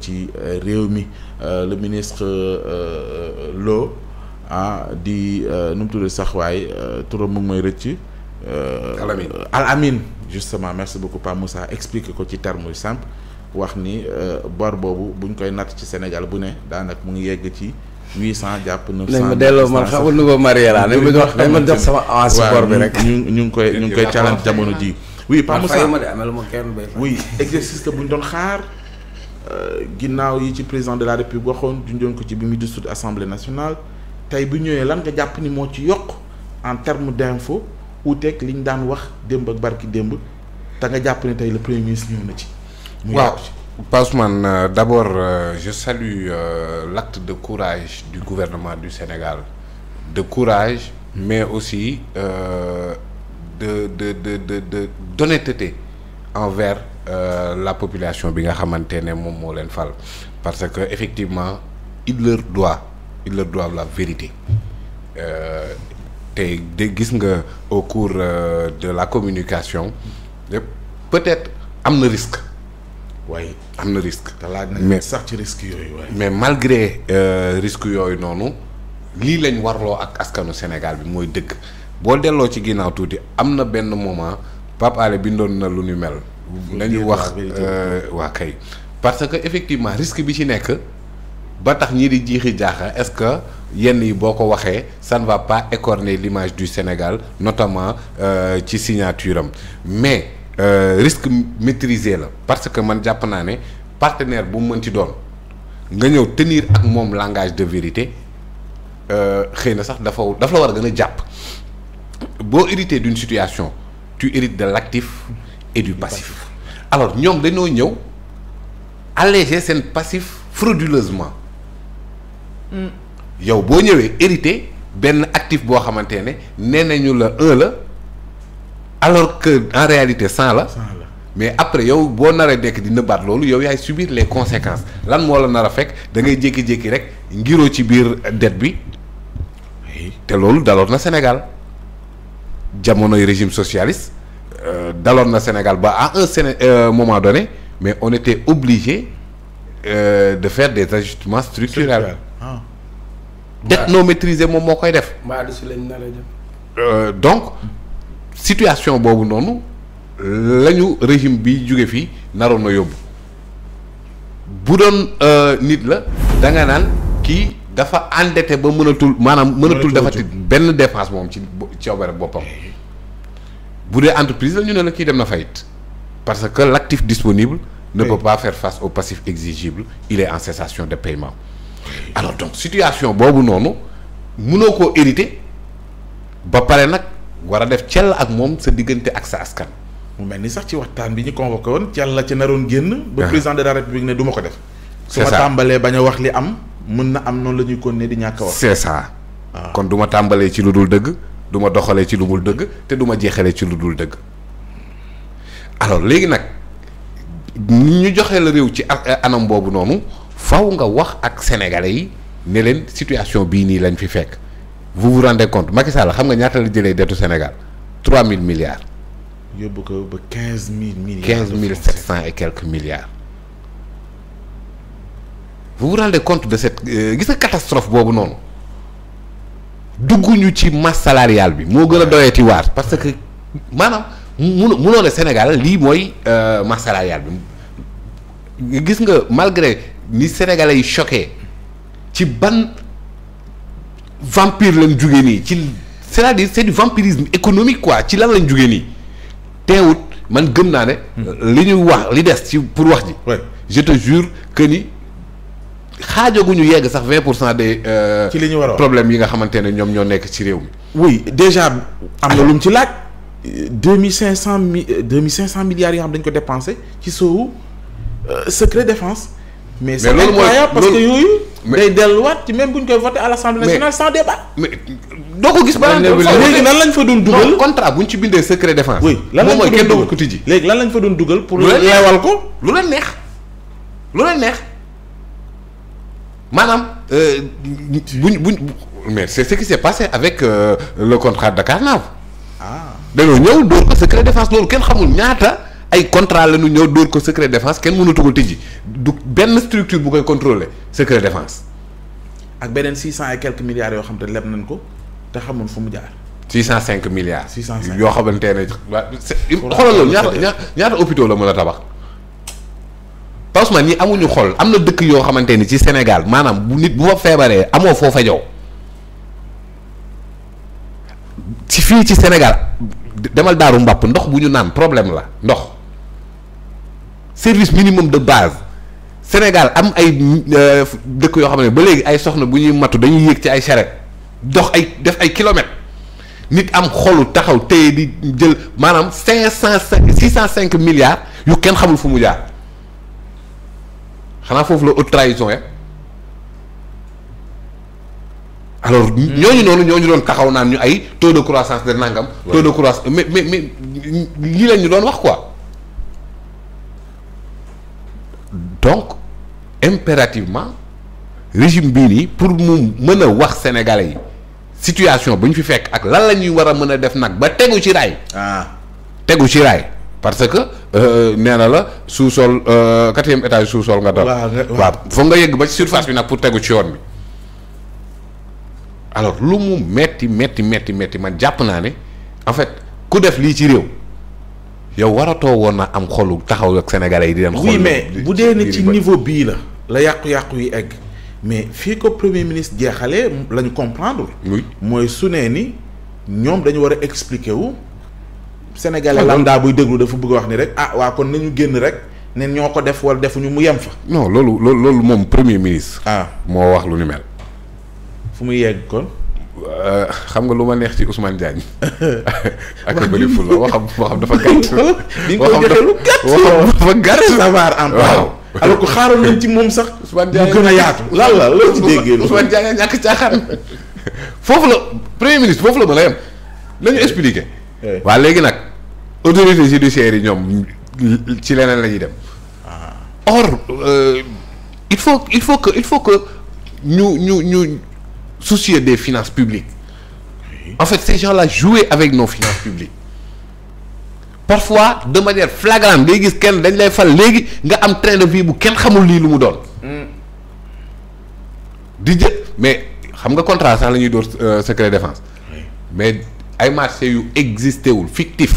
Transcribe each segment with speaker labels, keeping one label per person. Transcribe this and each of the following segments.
Speaker 1: ci euh, réew mi euh, le ministre euh, Lo ah di nu mu tudd sax waay turam mu ngi may rëcc. Al Amin Al Amin justement merci beaucoup Pape musa expliqué ko ci terme yu simple wax ni bor boobu buñ koy natt ci Sénégal bu ne daanaka mu ngi yegg ci. 800 jàpp 900 nañ ma delloo man xamul nu ko marié laa nañ ma jox nañ ma jox bi rek. ñu ñu ngi koy ñu ngi koy jamono ji. oui Pape Moussa oui exercice que buñ doon xaar. Euh, ginnaaw yi ci président de la république waxoon junjoon ko ci bi muy sud assemblée nationale tey bu ñëwee lan nga jàpp ni moo ci yokk en terme d'info uuteeg li ñu daan wax démb ak barki démb te nga jàpp ni tey le premier ministre ñëw na ci.
Speaker 2: waaw Passeman euh, d'abord euh, je salue l'acte de courage du gouvernement du Sénégal de courage mais aussi de de de de de d'honnêteté envers euh, la population bi nga xamante ne moom moo leen fal parce que effectivement il leur doit il leur doit la vérité euh, te de gis nga au cours euh, de la communication peut-être am na risque waaye am na risque. te laaj nañ sax ci risque yooyu waaye. mais malgré euh, risque yooyu noonu lii lañ warloo ak askanu Sénégal bi mooy dëgg boo delloo ci ginnaaw tuuti am na benn moment. Pape Alé bindoon na lu nu mel. nañu wax euh, waa kay. parce que effectivement risque bi ci nekk ba tax ñii di jiixi jaaxa est-ce que yenn yi boo ko waxee ça ne va pas écorner l'image du Sénégal notamment euh, ci signature am mais euh, risque maîtrisé la parce que man jàpp naa ne partenaire bu mu mënti doon nga ñëw tenir ak moom langage de vérité euh, xëy na sax dafa dafa la war a gën a jàpp boo hérité d'une situation tu hérites de l'actif et passif alors ñoom dañoo ñëw alléger seen passif frauduleusement mm. yow boo ñëwee hérité benn actif boo xamante ne nee nañu la un la alors que en réalité cent la mais après yow boo naree dekk dina baat loolu yow yaay subiir les conséquences lan moo la nar a fekk da ngay jékki-jékki rek ngiroo ci biir dette bi te loolu daloo na Sénégal jamonoy régime socialiste euh, daloon na Sénégal ba à un Séné euh, moment donné mais on était obligé euh, de faire des ajustements structurels. Ah. det noo maîtriser moom moo koy def. donc situation boobu noonu lañu régime bi jóge fii naroon na yóbbu bu doon nit la danga nga naan kii. dafa endetté ba mënatul maanaam mënatul defati benn dépense moom ci coobare boppam eh. bu dee entreprise la ñu ne la kii dem na fayit parce que l'actif disponible ne eh. peut pas faire face au passif exigible il est en cessation de paiement eh. alors donc situation boobu noonu mënoo ko hérité ba pare nag war a def cell ak moom sa diggante ak sa
Speaker 1: askan mu mel ni sax ci waxtaan bi ñu convoqué woon cell la ci naroon génn ba ah. président de la république ne duma ko def su ma tàmbalee bañ a wax li am mën na am noonu la ñuy ne di ñàkk a wax. c'est
Speaker 2: ah. kon du ma tàmbalee ci lu dul dëgg du ma doxalee ci lu dul dëgg te duma ma jeexalee ci lu dul dëgg alors léegi nag ni ñu joxee la réew ci anam boobu noonu faw nga wax ak sénégalais yi ne leen situation bii nii lañ fi fekk vous vous rendez compte Macky Sall xam nga ñaata la jëlee dettu Sénégal mille milliards. yóbbu ko ba 15000 milliards 15700 et quelques milliards. vous vous rendez compte de cette euh, gis nga catastrophe boobu noonu dugguñu ci masse bi moo gën a doyati waar parce que maanaam mun munoo ne Sénégal lii mooy euh, masse salariale bi gis nga malgré ni sénégalais yi choqué ci ban vampire lañ jugee nii ci c'est-à-dire c'est du vampirisme économique quoi ci lan lañ jugee nii teewut man gëm naa ne. Hmm. li ñuy wax li des ci pour wax ji. je te jure que ni. xaajaguñu yegg sax vingt pour cent des. Euh, ci li ñu waroon problème yi nga xamante ne ñoom ñoo nekk ci réew mi.
Speaker 1: wuy déjà am na lu mu ci laaj deux mille cinq cent mi deux mille cent milliards yoo xam dañ ko dépensé ci soowu euh, secret defence
Speaker 2: mais c'est incroyable parce que yooyu.
Speaker 1: day delluwaat ci même bu koy voté à l'Assemblée nationale sans débat.
Speaker 2: mais doo ko gis. ba léegi fa doon dugal contrat bu ci bindee secret défense. lan lañ fa doon
Speaker 1: ko lan lañ fa doon dugal. pour leewal ko
Speaker 2: lu la neex lu la neex. maanaam euh, buñ bu mais c'est ce qui s'est passé avec euh, le contrat Dakarnave. ah dañoo ñëw dóor ko secret défense loolu kenn xamul ñaata ay contrat la ñu ñëw dóor ko secret défense kenn mënatugul tijji du benn structure bu koy contrôler secret défense.
Speaker 1: ak beneen six cent et quelques milliards yoo xam ne leb nañ ko te xamul fu mu jaar.
Speaker 2: six cent cinq milliards. six cent cinq yoo xamante ne waa xoolal loolu ñaata ñaata hôpitaux la mën a tabax. franchement ñi amuñu xol am na dëkk yoo xamante ni ci Sénégal maanaam bu nit bu fa feebaree amoo foo fajoo ci fii ci Sénégal demal daaru mbàpp ndox bu ñu naan problème la ndox service minimum de base Sénégal am ay euh, dëkk yoo xam ne ba léegi ay soxna bu ñuy matu dañu yéeg ci ay charrette dox ay def ay kilomètres nit am xolu taxaw téye di jël maanaam cinq cent cinq six cent cinq milliards yu kenn xamul fu mu jaar xanaa foofu la haute trahison ya alors ñooñu noonu ñu doon taxaw naan ñu ay taux de croissance de nangam. taux de croissance mais mais mais lii la ñu doon wax ko donc impérativement régime bii nii pour mu mën a wax sénégalais yi situation bu ñu fi fekk ak lan la ñuy war a mën a def nag ba tegu ci raay. Ah. tegu ci raay. parce que euh, nee na la sous-sol euh, quatrième étage sous-sol nga dal waaw foog nga yegg ba ci surface bi nag pour tegu ci yoon bi alors lu mu metti metti metti metti man jàpp naa ne en fait ku def lii ci réew yow waratoo woon na am xolu taxaw ak sénégalais yi di leen xool oui mais
Speaker 1: bu dee ne ci niveau bii la la yàqu-yàqu yi egg mais fii ko premier ministre jeexale lañu comprendre oui mooy su nee ni ñoom dañu war a expliquer wu sénégalais lambda buy déglu dafa bëgg wax ni rek ah waa kon ñu génn rek ne ñoo ko def wala defuñu mu yem fa.
Speaker 2: non loolu loolu loolu moom premier ministre. ah moo wax lu ni mel. fu muy yegg kon. Euh, xam nga lu ma neex ci Ousmane Diagne ak bëri ful la waxam dafa gàtt. di nga ko joxe lu gàtt
Speaker 1: xaaroon nañ ci moom sax. Ousmane Diagne a yaatu. lan la loo ci déggee Ousmane Diagne ñàkk
Speaker 2: foofu la premier ministre foofu la mën a yem nañu expliqué. Eh. waaw léegi nag. autorité judiciaire yi ñoom ci leneen la ñuy dem ah. or euh, il faut il faut que il faut que ñu ñu ñu soucier des finances publiques en fait ces gens-là jouer avec nos finances publiques parfois de manière flagrante day gis kenn dañ lay fal léegi nga am train de vie bu kenn xamul lii lu mu doon hmm. di jël mais xam nga contrat sax la ñuy dóor euh, secret défense mais ay marché yu existé wul fictif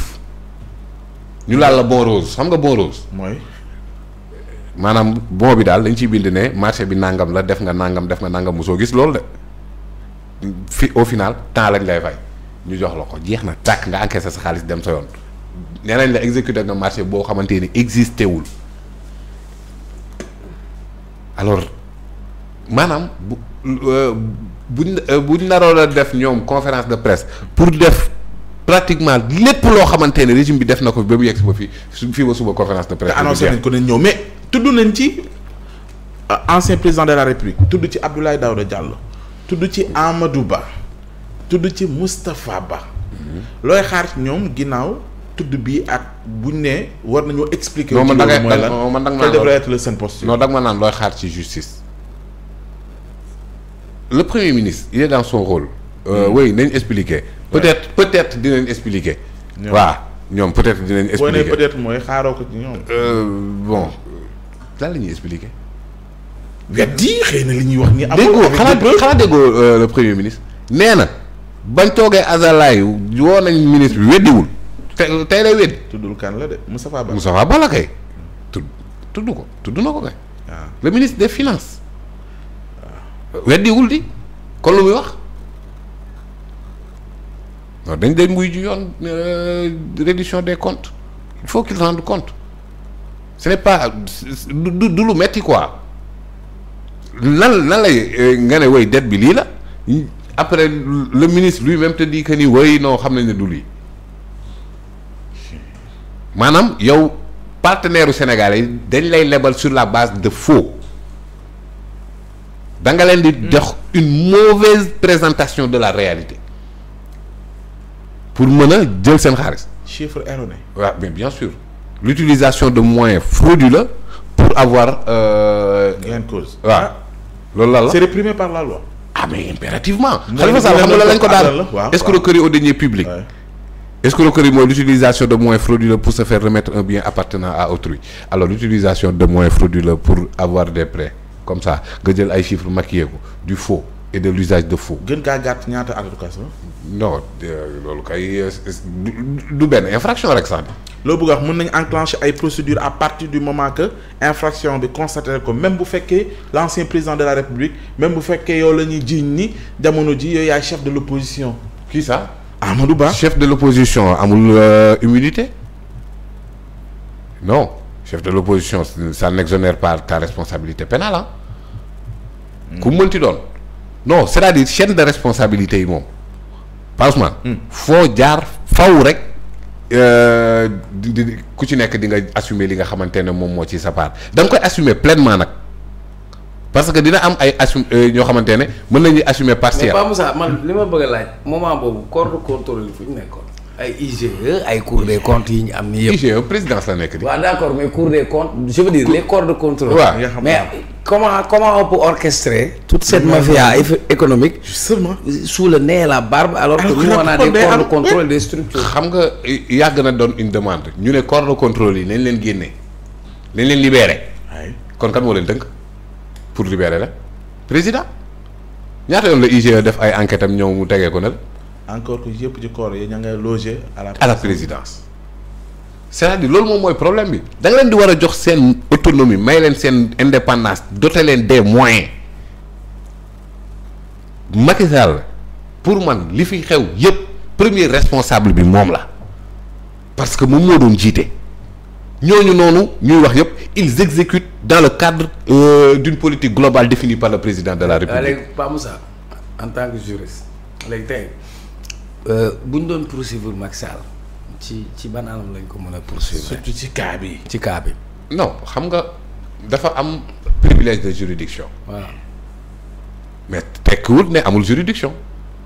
Speaker 2: ñu laal la bon rose xam nga bon rose. mooy. maanaam bon bi daal dañ ciy bind ne marché bi nangam la def nga nangam def nga nangam mosoo gis loolu de fi au final temps lañ lay fay ñu jox la ko jeex na tàkk nga encaissé sa xaalis dem sa yoon nee nañ la exécuté nga marché boo xamante ni existé wul alors maanaam bu euh, buñ euh, buñ naroon a def ñoom conférence de presse pour def. pratiquement lépp loo xamante ne régime bi def na ko ba mu yegg si ba fii fii ba suba conférence de presse. te annoncé nañ ko nañ ñëw mais
Speaker 1: tudd nañ ci euh, ancien président de la république tudd ci Abdoulaye Daouda Diallo tudd ci Amadou Ba tudd ci Moustapha Ba. Mm-hmm. looy xaar ci ñoom ginnaaw tudd bi ak bu ñu ne war nañoo expliquer. non man da ngay man da nga naan devrait être
Speaker 2: le seen poste. non da nga ma naan looy xaar ci justice. le premier ministre il est dans son rôle. Euh, mm. oui nañ expliquer. peut-être peut-être dinañ waaw ñoom peut-être dinañ.
Speaker 1: mooy xaaroo ko euh,
Speaker 2: bon lan la ñuy expliquer. weddi
Speaker 1: xëy na li ñuy wax ni amul déggoo
Speaker 2: xanaa déggoo euh, le premier ministre. nee na bañ toogee azalaay woo nañ ministre bi weddiwul. te tey lay weddi. tuddul kan la de Moustapha kay. tudd tudd ko tudd na ko kay. Ah. le ministre des finance weddiwul di kon lu muy wax. waaw dañ leen muy ju yoon euh, reddition des comptes il faut qu'ils rendent compte ce n'est pas du du lu metti quoi lan lan lay euh, nga ne way dette bi lii la après le ministre lui-même te dit que nii way noo xam ne ne du lii maanaam yow partenaire u yi dañ lay lebal sur la base de faux da nga leen di mm. jox une mauvaise présentation de la réalité pour mën a jël seen xaalis. chiffre erroné. waaw mais bien sûr l'utilisation de moyens frauduleux pour avoir. Euh, gain de cause. waaw ah. loolu la la. c'est réprimé par la loi. ah mais impérativement. Khalifa Sall xam nga lan lañ ko daal escroquerie au denier public. escroquerie mooy l'utilisation de moyens frauduleux pour se faire remettre un bien appartenant à autrui alors l'utilisation de moyens frauduleux pour avoir des prêts comme ça nga jël ay chiffres maquillé ko du faux. e de l'usage de faux. gën kaa gàtt ñaata ànd kaso. Euh,
Speaker 1: loolu kay euh, du benn infraction rek sax. loo bëgg wax mën nañ enclencher ay procédures à partir du moment que infraction bi constaté ko même bu fekkee l'ancien président de la république même bu fekkee yow la ñuy jiiñ ni jamono ji yow yaay chef de l'opposition. kii sax
Speaker 2: Amadou Ba. chef de l'opposition amul euh, immunité non chef de l'opposition ça n'exonère pas ta responsabilité pénale ah. ku mënti doon. non c'est-à-dire chaîne de responsabilité yi moom franchement foo jaar faw rek euh, di ku ci nekk di nga assumer li nga xamante ne moom moo ci sa part da nga koy assumer pleinement nag parce que dina am ay assum euh, ñoo xamante ne mën nañu assumer partiel mais Pape
Speaker 3: Moussa man li ma bëgg a laaj moment boobu corps de contrôle fu ñu nekk ay IGE ay cour des
Speaker 2: comptes yi ñu am ni
Speaker 3: yëpp. IGE présidence la nekk di. waaw d' accord mais cour de contrôle. waaw xam mais comment comment on peut orchestrer. toute mafia économique. justement sous le nez la barbe.
Speaker 2: alors que nous on a des corps de contrôle des structures. xam nga yàgg na doon une demande. ñu ne corps de contrôle yi nañ leen génne nañ leen libéré. kon kan moo leen tënk pour libérer la président ñaata yoon la IGE def ay enquête am ñëw mu tegee ko nag.
Speaker 1: encore que yëpp ci corps yi ña ngay logé à la. présidence
Speaker 2: c'est-à-dire loolu moom mooy problème bi da nga leen di war a jox seen autonomie may leen seen indépendance doter leen des moyen Macky Sall pour man li fi xew yëpp premier responsable bi moom la parce que moom moo doon jiite ñooñu noonu ñuy wax yëpp ils exécutent dans le cadre euh, d'une politique globale définie par le président de la République. léegi
Speaker 3: Pa Moussa en tant que juriste Euh, bu ñu doon poursuivre Macky Sall ci ci ban anam lañ ko mën a
Speaker 2: poursuivre. surtout ci cas bi. ci kaa bi. non xam nga dafa am privilège de juridiction. waaw mais tekkiwul ne amul juridiction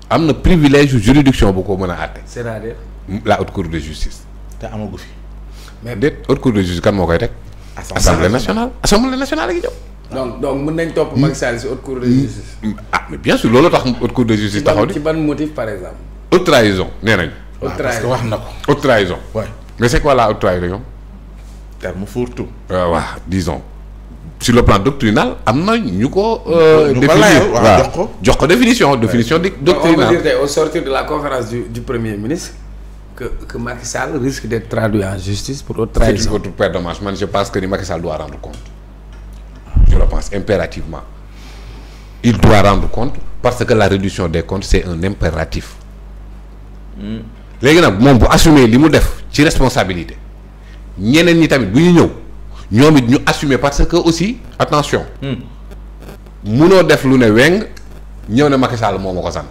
Speaker 2: am na privilège juridiction bu ko mën a àtte. c'est-à-dire. la haute cour de justice. te amagu fi. mais déet haute cour de justice kan moo koy teg. assemblée nationale assemblée nationale la ñu jëm.
Speaker 3: donc donc mën nañ topp Macky Sall si haute cour de mm.
Speaker 2: justice. Ah, bien sûr loolu tax haute cour de justice. taxaw di
Speaker 3: ci par exemple.
Speaker 2: haute trahison nee nañu. haute trahison parce que wax na mais c'est quoi la haute trahison. terme fourre-tout. waaw euh, disons. sur le plan doctrinal am na ñu ko. Euh, définir waaw jox ko définition définition di doctrinal.
Speaker 3: au sortir de la conférence du du premier ministre. que que Macky
Speaker 2: risque d'être traduit en justice pour haute trahison. c'est man je pense que ni Macky Sall doit rendre compte. je le pense impérativement. il doit rendre compte parce que la réduction des comptes c'est un impératif. léegi nag moom bu assumer li mu def ci responsabilité ñeneen ñi tamit bu ñu ñëw ñoom it ñu assumer parce que aussi attention. Hmm. munoo def lu ne weng ñëw ne Macky moom moo ko sant.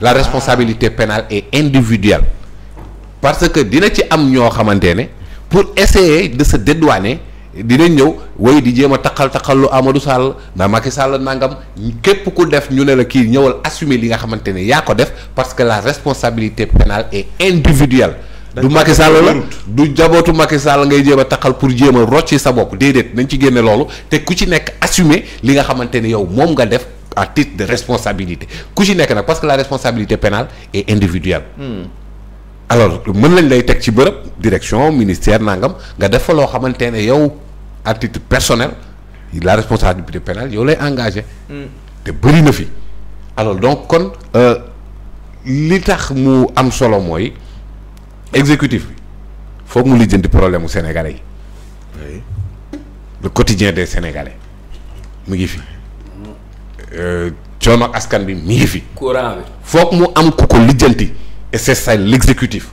Speaker 2: la responsabilité pénale est individuelle. parce que dina ci am ñoo xamante ne pour essayer de se dédouaner. dinañ ñëw way di jéem a taqal taqal lu Amadou Sall na Macky Sall nangam képp ku def ñu ne la kii ñëwal assumer li nga xamante ne yaa ko def parce que la responsabilité pénale est individuelle. du Macky Sall la du jabootu Macky Sall ngay jéem a taqal pour jéem a rocci sa bopp déedéet nañ ci génne loolu te ku ci nekk assumer li nga xamante ne yow moom nga def à titre de responsabilité ku ci nekk nag parce que la responsabilité pénale est individuelle. Hmm. alors mën lañ lay teg ci bërëb direction ministère nangam nga def fa loo xamante ne yow à titre personnel la responsabilité pénale yow lay engagé. Hmm. te bëri na fi. alors donc kon euh, li tax mu am solo mooy exécutif bi foog mu lijjanti problème mu sénégalais yi. oui le quotidien des sénégalais mu ngi fi. Euh, coono ak askan bi mu ngi fi. courant bi mu am ku ko lijjanti. et c'est ça l'exécutif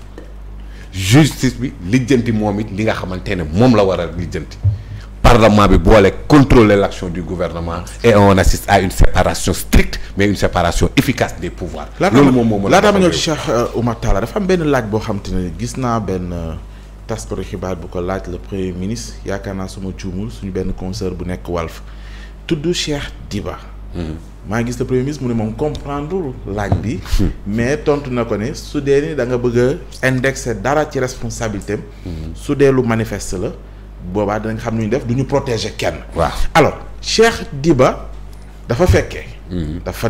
Speaker 2: justice bi lijjanti moom it li nga xamante ne moom la war a lijjanti parlement bi boole contrôler l'action du gouvernement et a assiste à une séparation stricte mais une séparation efficace des pouvoirs. loolu moom moom laa daama ñëw ci
Speaker 1: Cheikh euh, Oumar Talla dafa am benn laaj boo xam te ne gis naa benn euh, taskatu xibaar bu ko laaj le premier ministre yaakaar naa suma juumul suñu benn conseiller bu nekk Walf tudd Cheikh Diba. Hmm. maa gis le premier ministre mu ne moom comprendre laaj bi. mais tontu na ko ne su dee ni da nga bëgg a dara ci responsabilité am. su dee lu manifeste la boobaa dinañ xam nu ñu def du ñu protéger kenn. waaw alors Cheikh Diba dafa fekkee. Mm-hmm. dafa